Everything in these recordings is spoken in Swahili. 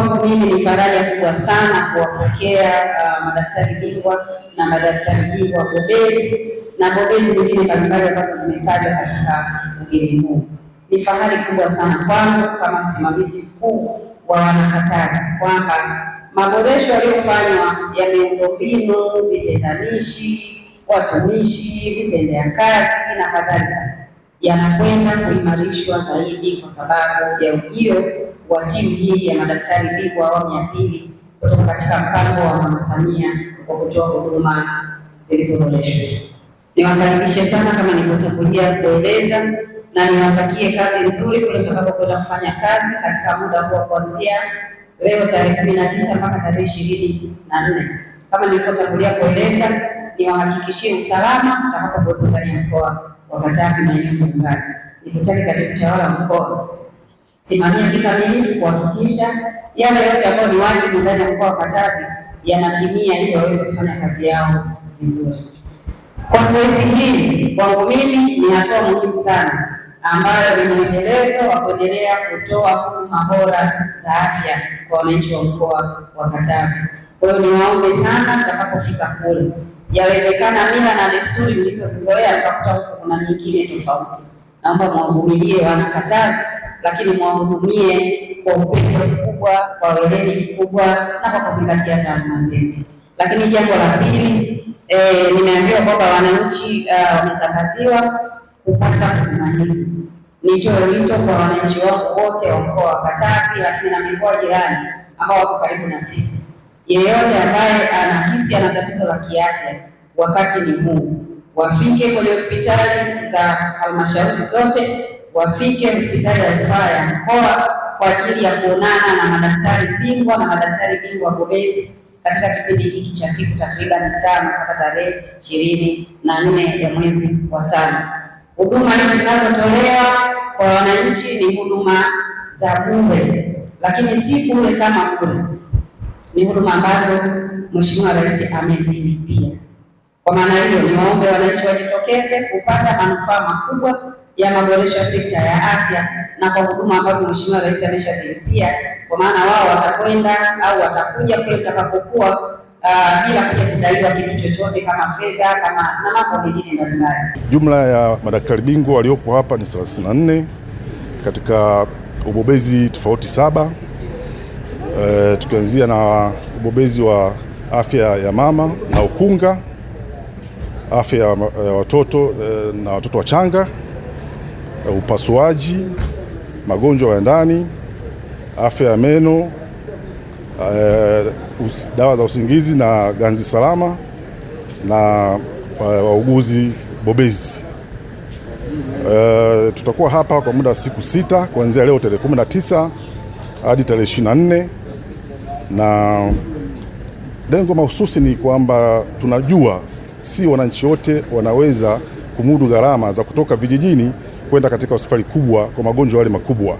kwangu mimi ni faraja kubwa sana kuwapokea uh, madaktari bingwa na madaktari bingwa bobezi na bobezi wengine mbalimbali ambazo zimetajwa katika ugeni huu. Ni fahari kubwa sana kwangu kama msimamizi mkuu wa Wanakatari kwamba maboresho yaliyofanywa ya miundombinu, vitendanishi, watumishi, vitendea kazi na kadhalika yanakwenda kuimarishwa zaidi kwa sababu ya ujio wa timu hii ya madaktari bingwa awamu ya pili kutoka katika mpango wa Mama Samia wa kutoa huduma zilizoboreshwa. Niwakaribishe sana kama nilivyotangulia kueleza, na niwatakie kazi nzuri kule mtakapokwenda kufanya kazi katika muda huo kuanzia leo tarehe kumi na tisa mpaka tarehe ishirini na nne. Kama nilivyotangulia kueleza, niwahakikishie usalama mtakapokuwepo ndani ya mkoa wa Katavi maeneo mbalimbali. Nikutake katika utawala wa mkoa simamia kikamilifu kuhakikisha yale yote ambayo ni wajibu ndani ya mkoa wa Katavi yanatimia ili waweze kufanya kazi yao vizuri. Kwa zoezi hili kwangu mimi ni hatua muhimu sana ambayo ni mwendelezo wa kuendelea kutoa huduma bora za afya kwa wananchi wa mkoa wa Katavi. Kwa hiyo niwaombe sana, mtakapofika kule, yawezekana mila na desturi mlizozizoea mtakuta huko kuna nyingine tofauti. Naomba mwavumilie wana Katavi lakini mwahudumie kwa upendo mkubwa, kwa weledi mkubwa na kwa kuzingatia taaluma zenu. Lakini jambo la pili e, nimeambiwa kwamba wananchi eh, wametangaziwa kupata huduma hizi. Nitoe wito kwa wananchi wangu wote wa mkoa wa Katavi, lakini na mikoa jirani ambao wako karibu na sisi, yeyote ambaye anahisi ana tatizo la kiafya, wakati ni huu, wafike kwenye hospitali za halmashauri zote wafike hospitali ya rufaa ya mkoa kwa ajili ya kuonana na madaktari bingwa na madaktari bingwa bobezi katika kipindi hiki cha siku takriban tano mpaka tarehe ishirini na nne ya mwezi wa tano. Huduma hizi zinazotolewa kwa wananchi ni huduma za bure, lakini si bure kama bure, ni huduma ambazo Mheshimiwa Rais amezilipia. Kwa maana hiyo, niwaombe wananchi wajitokeze kupata manufaa makubwa ya maboresho ya sekta ya afya na kwa huduma ambazo Mheshimiwa Rais ameshazilipia, kwa maana wao watakwenda au watakuja kule mtakapokuwa ah, bila uh, kuja kudaiwa kitu chochote kama fedha kama na mambo mengine mbalimbali. Jumla ya madaktari bingwa waliopo hapa ni 34 katika ubobezi tofauti saba, e, tukianzia na ubobezi wa afya ya mama na ukunga, afya ya watoto eh, na watoto wachanga Eh, upasuaji, magonjwa ya ndani, afya ya meno, uh, us, dawa za usingizi na ganzi salama na eh, wauguzi bobezi. Uh, tutakuwa hapa kwa muda wa siku sita kuanzia leo tarehe 19 hadi tarehe 24 na lengo mahususi ni kwamba tunajua si wananchi wote wanaweza kumudu gharama za kutoka vijijini kwenda katika hospitali kubwa kwa magonjwa yale makubwa.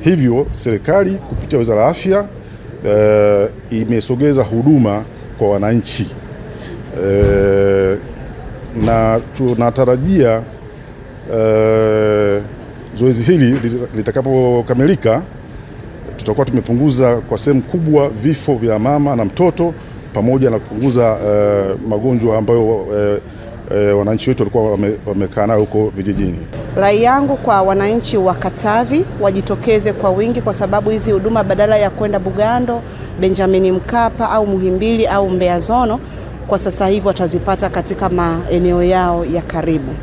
Hivyo serikali kupitia Wizara ya Afya e, imesogeza huduma kwa wananchi e, na tunatarajia e, eh, zoezi hili litakapokamilika tutakuwa tumepunguza kwa sehemu kubwa vifo vya mama na mtoto pamoja na kupunguza e, magonjwa ambayo e, e, wananchi wetu walikuwa wamekaa nayo huko vijijini. Rai yangu kwa wananchi wa Katavi wajitokeze kwa wingi, kwa sababu hizi huduma badala ya kwenda Bugando, Benjamin Mkapa au Muhimbili au Mbeya Zono, kwa sasa hivi watazipata katika maeneo yao ya karibu.